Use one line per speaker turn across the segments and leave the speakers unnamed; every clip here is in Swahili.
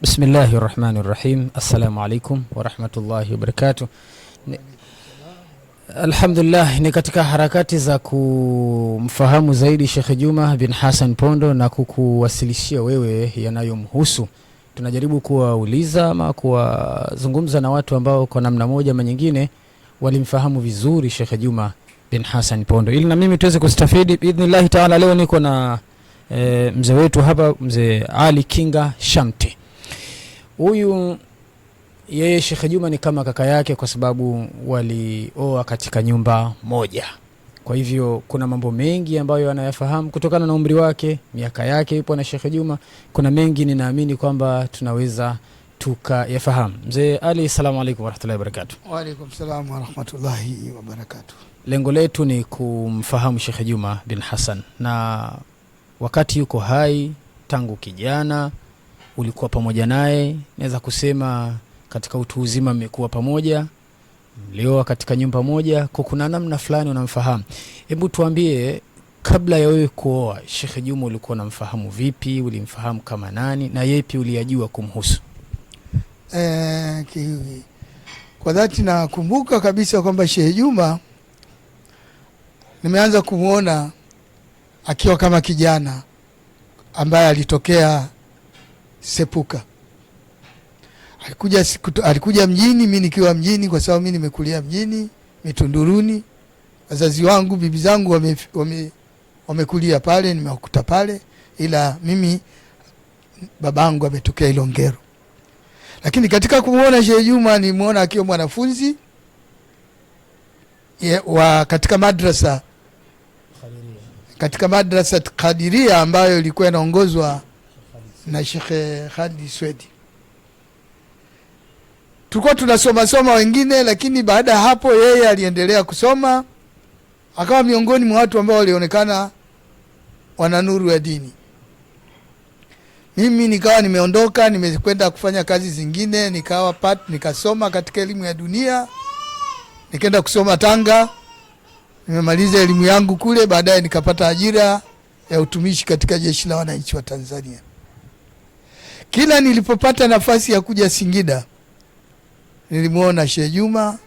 Bismillahi rahmani rahim. Assalamu alaikum warahmatullahi wabarakatuh. Alhamdulillah, ni katika harakati za kumfahamu zaidi Shekhe Juma bin Hassan Pondo na kukuwasilishia wewe yanayomhusu. Tunajaribu kuwauliza ama kuwazungumza na watu ambao kwa namna moja ama nyingine walimfahamu vizuri Shekhe Juma bin Hassan Pondo, ili na mimi tuweze kustafidi biidhnillahi taala. Leo niko na e, mzee wetu hapa mzee Ali Kinga Shamte. Huyu yeye Sheikh Juma ni kama kaka yake kwa sababu walioa katika nyumba moja. Kwa hivyo kuna mambo mengi ambayo anayafahamu kutokana na umri wake, miaka yake yupo na Sheikh Juma. Kuna mengi ninaamini kwamba tunaweza tukayafahamu. Mzee Ali, salamu alaykum warahmatullahi wabarakatuh.
Wa alaykum warahmatullahi wabarakatuh.
Lengo letu ni kumfahamu Sheikh Juma bin Hassan na wakati yuko hai, tangu kijana ulikuwa pamoja naye, naweza kusema katika utu uzima mmekuwa pamoja, mlioa katika nyumba moja, kwa kuna namna fulani unamfahamu. Hebu tuambie, kabla ya wewe kuoa, Sheikh Juma ulikuwa unamfahamu vipi? Ulimfahamu kama nani na yepi uliyajua kumhusu?
E, kwa dhati nakumbuka kabisa kwamba Sheikh Juma nimeanza kumwona akiwa kama kijana ambaye alitokea Sepuka. Alikuja, alikuja mjini, mi nikiwa mjini, kwa sababu mi nimekulia mjini Mitunduruni. Wazazi wangu bibi zangu wamekulia wame, wame pale, nimewakuta pale, ila mimi babangu ametokea Ilongero. Lakini katika kumwona Shehe Juma nimuona akiwa mwanafunzi wa katika madrasa katika madrasa Kadiria ambayo ilikuwa inaongozwa na Shekhe Khalid Swedi. Tulikuwa tunasomasoma wengine, lakini baada ya hapo yeye aliendelea kusoma akawa miongoni mwa watu ambao walionekana wana nuru ya dini. Mimi nikawa nimeondoka, nimekwenda kufanya kazi zingine, nikawa part, nikasoma katika elimu ya dunia, nikaenda kusoma Tanga Nimemaliza elimu yangu kule, baadaye nikapata ajira ya utumishi katika jeshi la wananchi wa Tanzania. Kila nilipopata nafasi ya kuja Singida, nilimwona Sheikh Juma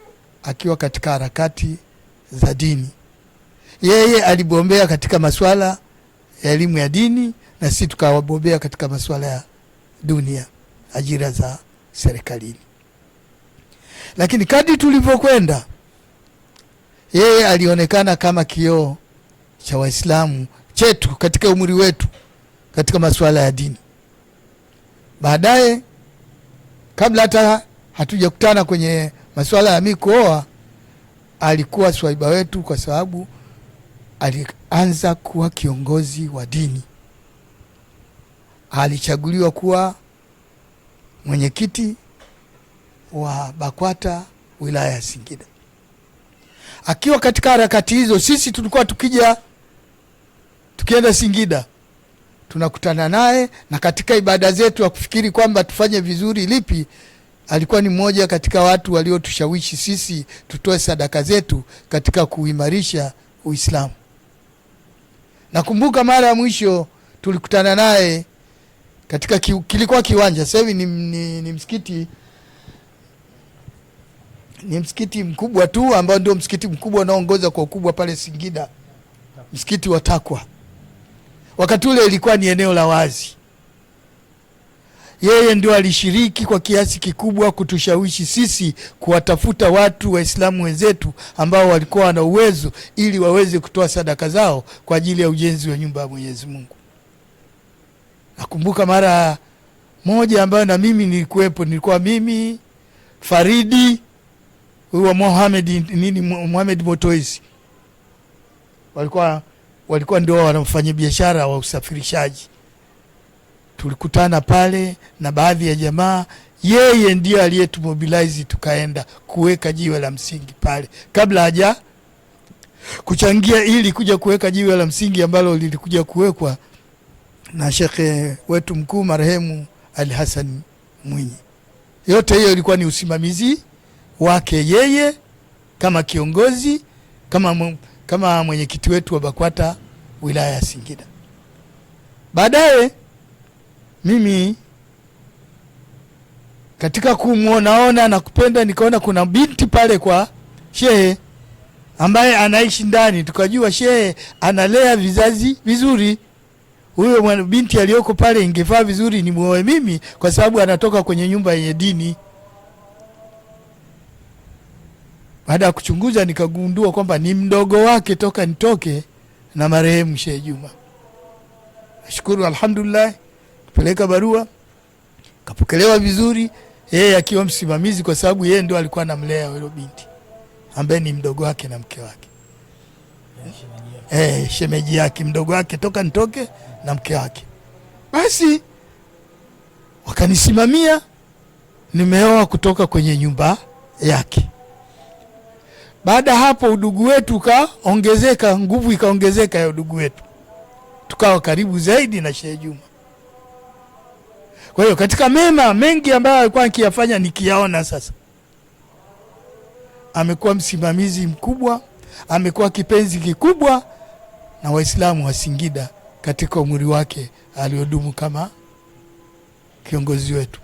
akiwa katika harakati za dini. Yeye alibombea katika masuala ya elimu ya dini na sisi tukawabombea katika masuala ya dunia, ajira za serikalini. Lakini kadri tulivyokwenda yeye alionekana kama kioo cha Waislamu chetu katika umri wetu katika masuala ya dini. Baadaye, kabla hata hatujakutana kwenye masuala ya mi kuoa, alikuwa swaiba wetu, kwa sababu alianza kuwa kiongozi wa dini. Alichaguliwa kuwa mwenyekiti wa BAKWATA wilaya ya Singida. Akiwa katika harakati hizo, sisi tulikuwa tukija tukienda Singida tunakutana naye, na katika ibada zetu ya kufikiri kwamba tufanye vizuri lipi, alikuwa ni mmoja katika watu waliotushawishi sisi tutoe sadaka zetu katika kuimarisha Uislamu. Nakumbuka mara ya mwisho tulikutana naye katika ki, kilikuwa kiwanja, sasa hivi ni, ni, ni msikiti ni msikiti mkubwa tu ambao ndio msikiti mkubwa unaoongoza kwa ukubwa pale Singida, msikiti wa Takwa. Wakati ule ilikuwa ni eneo la wazi. Yeye ndio alishiriki kwa kiasi kikubwa kutushawishi sisi kuwatafuta watu Waislamu wenzetu ambao walikuwa wana uwezo ili waweze kutoa sadaka zao kwa ajili ya ujenzi wa nyumba ya Mwenyezi Mungu. Nakumbuka mara moja ambayo na mimi nilikuwepo, nilikuwa mimi Faridi huyu wa Mohamed nini, Mohamed Motoezi walikuwa walikuwa ndio wanafanya biashara wa usafirishaji. Tulikutana pale na baadhi ya jamaa, yeye ndiye aliyetumobilize tukaenda kuweka jiwe la msingi pale, kabla haja kuchangia ili kuja kuweka jiwe la msingi ambalo lilikuja kuwekwa na shekhe wetu mkuu marehemu Ali Hassan Mwinyi. Yote hiyo ilikuwa ni usimamizi wake yeye kama kiongozi kama, kama mwenyekiti wetu wa BAKWATA wilaya ya Singida. Baadaye mimi katika kumwonaona na kupenda, nikaona kuna binti pale kwa shehe ambaye anaishi ndani, tukajua shehe analea vizazi vizuri. Huyo binti aliyoko pale ingefaa vizuri nimwoe mimi, kwa sababu anatoka kwenye nyumba yenye dini. Baada ya kuchunguza, nikagundua kwamba ni mdogo wake toka nitoke na marehemu Sheikh Juma. Nashukuru, alhamdulillah, kupeleka barua kapokelewa vizuri, yeye akiwa msimamizi, kwa sababu yeye ndo alikuwa anamlea yule binti ambaye ni mdogo wake na mke wake Eh, shemeji yake mdogo wake toka nitoke na mke wake. Basi wakanisimamia, nimeoa kutoka kwenye nyumba yake. Baada ya hapo udugu wetu ukaongezeka, nguvu ikaongezeka ya udugu wetu, tukawa karibu zaidi na Shehe Juma. Kwa hiyo katika mema mengi ambayo alikuwa akiyafanya nikiyaona sasa, amekuwa msimamizi mkubwa, amekuwa kipenzi kikubwa na Waislamu wa Singida katika umri wake aliodumu kama kiongozi wetu.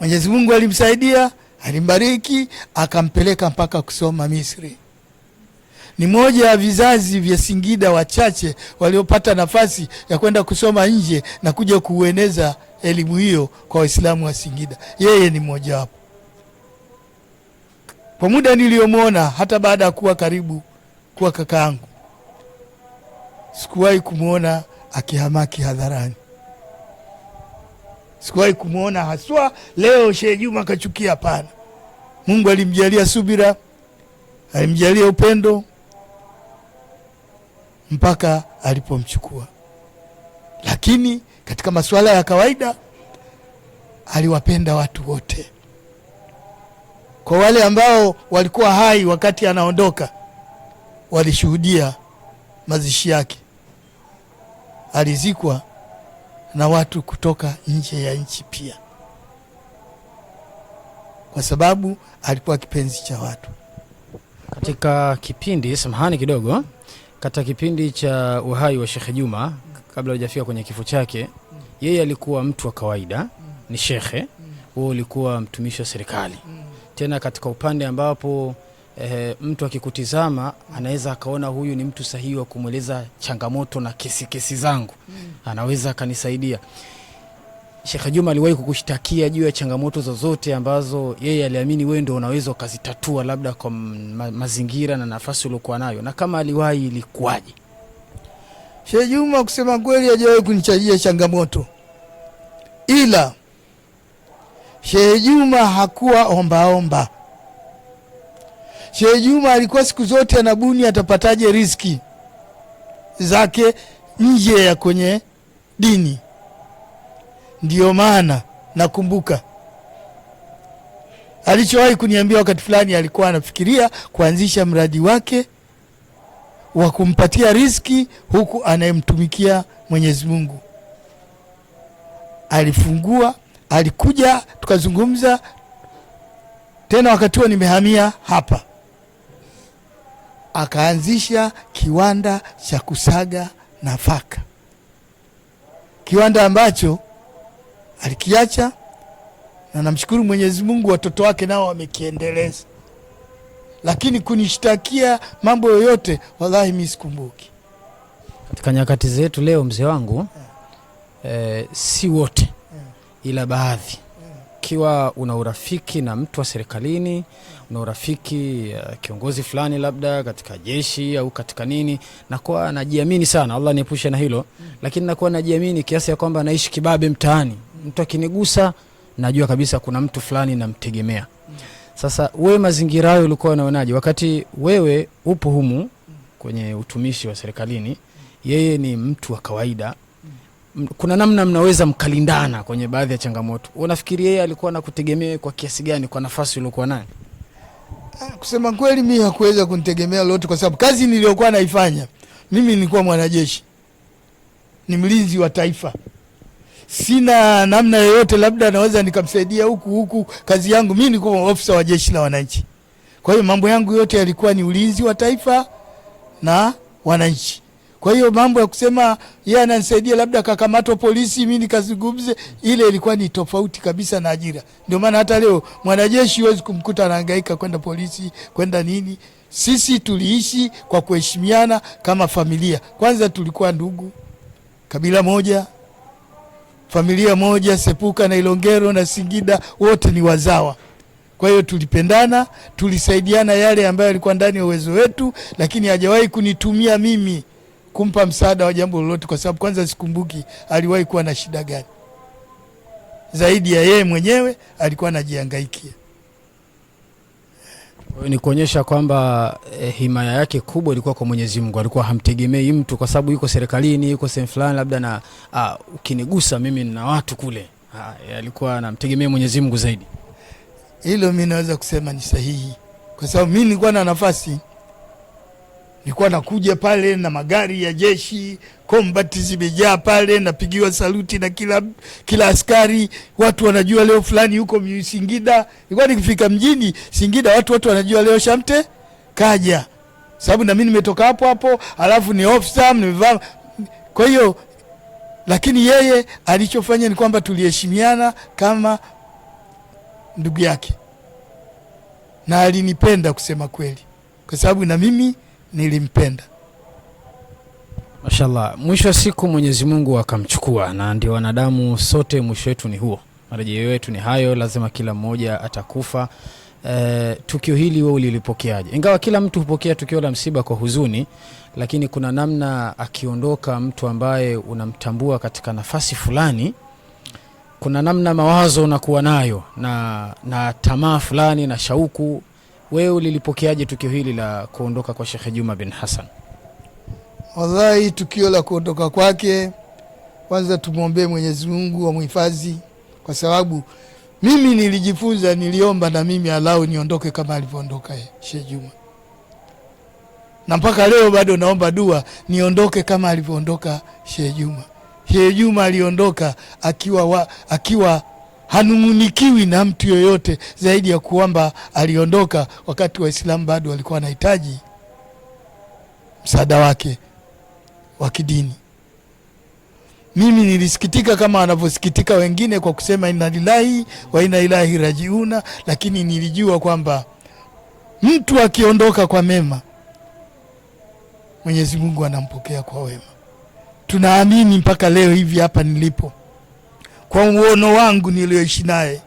Mwenyezi Mungu alimsaidia alimbariki akampeleka mpaka kusoma Misri. Ni moja ya vizazi vya Singida wachache waliopata nafasi ya kwenda kusoma nje na kuja kuueneza elimu hiyo kwa Waislamu wa Singida. Yeye ni mmojawapo. Kwa muda niliyomwona, hata baada ya kuwa karibu kuwa kakaangu, sikuwahi kumwona akihamaki hadharani sikuwahi kumwona haswa. Leo Shehe Juma kachukia? Hapana, Mungu alimjalia subira, alimjalia upendo mpaka alipomchukua. Lakini katika masuala ya kawaida aliwapenda watu wote, kwa wale ambao walikuwa hai wakati anaondoka walishuhudia mazishi yake, alizikwa na watu kutoka nje ya nchi pia, kwa sababu alikuwa kipenzi cha watu.
Katika kipindi samahani kidogo, katika kipindi cha uhai wa Shekhe Juma kabla hajafika kwenye kifo chake, yeye alikuwa mtu wa kawaida, ni shekhe, wewe ulikuwa mtumishi wa serikali, tena katika upande ambapo eh, mtu akikutizama anaweza akaona huyu ni mtu sahihi wa kumweleza changamoto na kesi kesi zangu mm. anaweza akanisaidia. Sheikh Juma aliwahi kukushtakia juu ya changamoto zozote ambazo yeye aliamini wewe ndio unaweza ukazitatua, labda kwa ma mazingira na nafasi uliokuwa nayo, na kama aliwahi ilikuwaje?
Sheikh Juma kusema kweli hajawahi kunichajia changamoto, ila Sheikh Juma hakuwa ombaomba omba. Shehe Juma alikuwa siku zote anabuni atapataje riziki zake nje ya kwenye dini. Ndiyo maana nakumbuka alichowahi kuniambia wakati fulani, alikuwa anafikiria kuanzisha mradi wake wa kumpatia riziki huku anayemtumikia Mwenyezi Mungu. Alifungua, alikuja tukazungumza tena, wakati huo nimehamia hapa akaanzisha kiwanda cha kusaga nafaka, kiwanda ambacho alikiacha, na namshukuru Mwenyezi Mungu watoto wake nao wamekiendeleza. Lakini kunishtakia mambo yoyote, wallahi mimi sikumbuki.
Katika nyakati zetu leo, mzee wangu, yeah. Eh, si wote yeah. ila baadhi ukiwa una urafiki na mtu wa serikalini, una urafiki uh, kiongozi fulani labda katika jeshi au katika nini, nakuwa najiamini sana, Allah niepushe na hilo mm. Lakini nakuwa najiamini kiasi ya kwamba naishi kibabe mtaani mm. Mtu akinigusa najua kabisa kuna mtu fulani namtegemea mm. Sasa we mazingira hayo ulikuwa unaonaje wakati wewe upo humu kwenye utumishi wa serikalini? Yeye ni mtu wa kawaida kuna namna mnaweza mkalindana kwenye baadhi ya changamoto. Unafikiri yeye alikuwa anakutegemea kwa kiasi gani kwa nafasi uliokuwa nayo?
Ah, kusema kweli, mi hakuweza kunitegemea lolote, kwa sababu kazi niliyokuwa naifanya mimi, nilikuwa mwanajeshi, ni mlinzi wa taifa. Sina namna yoyote, labda naweza nikamsaidia huku huku. Kazi yangu mi nilikuwa ofisa wa jeshi la wananchi, kwa hiyo mambo yangu yote yalikuwa ni ulinzi wa taifa na wananchi. Kwa hiyo mambo ya kusema yeye ananisaidia labda kakamatwa polisi, mimi nikazungumze, ile ilikuwa ni tofauti kabisa na ajira. Ndio maana hata leo mwanajeshi huwezi kumkuta anahangaika kwenda polisi kwenda nini. Sisi tuliishi kwa kuheshimiana kama familia. Kwanza tulikuwa ndugu, kabila moja, familia moja, Sepuka na Ilongero na Singida, wote ni wazawa kwa hiyo tulipendana, tulisaidiana yale ambayo yalikuwa ndani ya uwezo wetu, lakini hajawahi kunitumia mimi kumpa msaada wa jambo lolote, kwa sababu kwanza sikumbuki aliwahi kuwa na shida gani zaidi ya yeye mwenyewe alikuwa anajihangaikia.
Ni kuonyesha kwamba eh, himaya yake kubwa ilikuwa kwa Mwenyezi Mungu, alikuwa hamtegemei mtu, kwa sababu yuko serikalini, yuko sehemu fulani, labda na ah, ukinigusa mimi na watu kule. Ah, eh, alikuwa anamtegemea Mwenyezi Mungu zaidi.
Hilo mi naweza kusema ni sahihi, kwa sababu mi nilikuwa na nafasi nilikuwa nakuja pale na magari ya jeshi kombati zimejaa pale, napigiwa saluti na kila kila askari. Watu wanajua leo fulani huko Singida. Nilikuwa nikifika mjini Singida, watu watu wanajua leo Shamte kaja, sababu nami nimetoka hapo hapo, alafu ni officer nimevaa. Kwa hiyo lakini yeye alichofanya ni kwamba tuliheshimiana kama ndugu yake, na alinipenda kusema kweli, kwa sababu na mimi nilimpenda.
Mashallah, mwisho wa siku Mwenyezi Mungu akamchukua, na ndio wanadamu sote, mwisho wetu ni huo, marejeo yetu ni hayo, lazima kila mmoja atakufa. E, tukio hili wewe ulilipokeaje? Ingawa kila mtu hupokea tukio la msiba kwa huzuni, lakini kuna namna akiondoka mtu ambaye unamtambua katika nafasi fulani, kuna namna mawazo unakuwa nayo na, na tamaa fulani na shauku wewe ulilipokeaje tukio hili la kuondoka kwa Sheikh Juma bin Hassan?
Wallahi, tukio la kuondoka kwake, kwanza tumwombee Mwenyezi Mungu amhifadhi, kwa sababu mimi nilijifunza, niliomba na mimi alau niondoke kama alivyoondoka Sheikh Juma, na mpaka leo bado naomba dua niondoke kama alivyoondoka Sheikh Juma. Sheikh Juma aliondoka akiwa, wa, akiwa hanung'unikiwi na mtu yoyote zaidi ya kwamba aliondoka wakati Waislamu bado walikuwa wanahitaji msaada wake wa kidini. Mimi nilisikitika kama wanavyosikitika wengine kwa kusema inna lillahi wa inna ilahi rajiuna, lakini nilijua kwamba mtu akiondoka kwa mema, Mwenyezi Mungu anampokea kwa wema. Tunaamini mpaka leo hivi hapa nilipo kwa uono wangu niliyoishi naye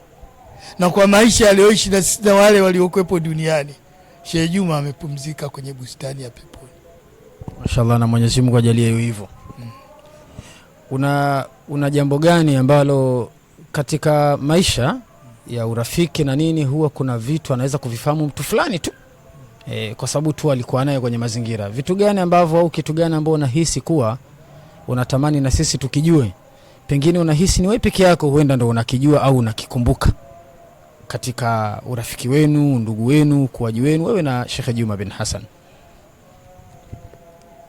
na kwa maisha yaliyoishi na sisi na wale waliokuwepo duniani. Shehe Juma amepumzika kwenye bustani ya peponi.
Mashallah, na Mwenyezi Mungu ajalie hiyo hivyo. Hmm. Una, una jambo gani ambalo katika maisha ya urafiki na nini huwa kuna vitu anaweza kuvifahamu mtu fulani tu e, kwa sababu tu alikuwa naye kwenye mazingira. Vitu gani ambavyo au kitu gani ambao unahisi kuwa unatamani na sisi tukijue? pengine unahisi ni wewe peke yako, huenda ndo unakijua au unakikumbuka katika urafiki wenu, ndugu wenu, ukuaji wenu, wewe na Sheikh Juma bin Hassan?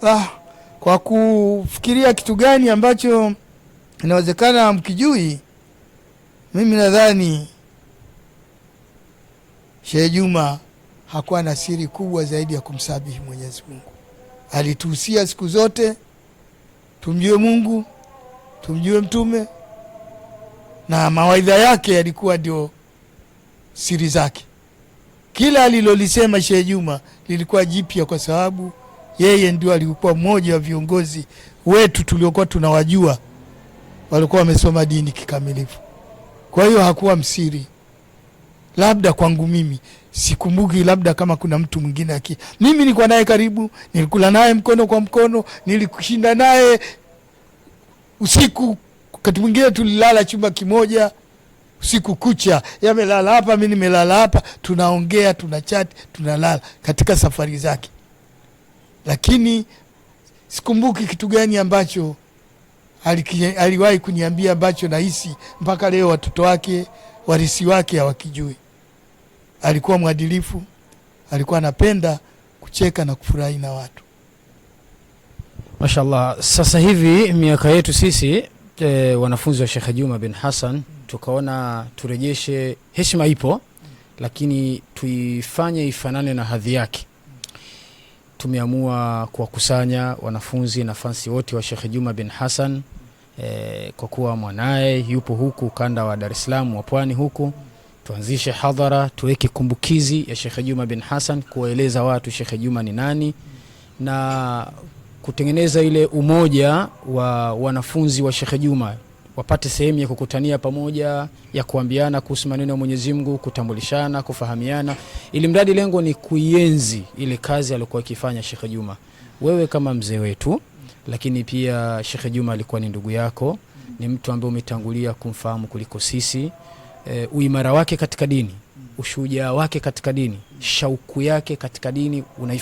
Ah, kwa kufikiria kitu gani ambacho inawezekana mkijui, mimi nadhani Sheikh Juma hakuwa na siri kubwa zaidi ya kumsabihi Mwenyezi Mungu. Alituhusia siku zote tumjue Mungu tumjue Mtume na mawaidha yake yalikuwa ndio siri zake. Kila alilolisema Shehe Juma lilikuwa jipya, kwa sababu yeye ndio alikuwa mmoja wa viongozi wetu tuliokuwa tunawajua walikuwa wamesoma dini kikamilifu. Kwa hiyo hakuwa msiri, labda kwangu mimi sikumbuki, labda kama kuna mtu mwingine aki, mimi nilikuwa naye karibu, nilikula naye mkono kwa mkono, nilikushinda naye usiku, wakati mwingine tulilala chumba kimoja usiku kucha, yamelala hapa, mi nimelala hapa, tunaongea, tunachati, tunalala katika safari zake. Lakini sikumbuki kitu gani ambacho aliwahi kuniambia ambacho nahisi mpaka leo watoto wake warisi wake hawakijui. Alikuwa mwadilifu, alikuwa anapenda kucheka na kufurahi na watu.
Mashallah, sasa hivi miaka yetu sisi e, wanafunzi wa Sheikh Juma bin Hassan tukaona turejeshe heshima ipo, lakini tuifanye ifanane na hadhi yake. Tumeamua kuwakusanya wanafunzi na fansi wote wa Sheikh Juma bin Hassan e, kwa kuwa mwanaye yupo huku ukanda wa Dar es Salaam wa Pwani huku, tuanzishe hadhara, tuweke kumbukizi ya Sheikh Juma bin Hassan, kuwaeleza watu Sheikh Juma ni nani na kutengeneza ile umoja wa wanafunzi wa Sheikh Juma wapate sehemu ya kukutania pamoja ya kuambiana kuhusu maneno ya Mwenyezi Mungu, kutambulishana, kufahamiana, ili mradi lengo ni kuienzi ile kazi aliyokuwa akifanya Sheikh Juma, wewe kama mzee wetu, lakini pia Sheikh Juma alikuwa ni ndugu yako, ni mtu ambaye umetangulia kumfahamu kuliko sisi. E, uimara wake katika dini, ushujaa wake katika dini, shauku yake katika dini una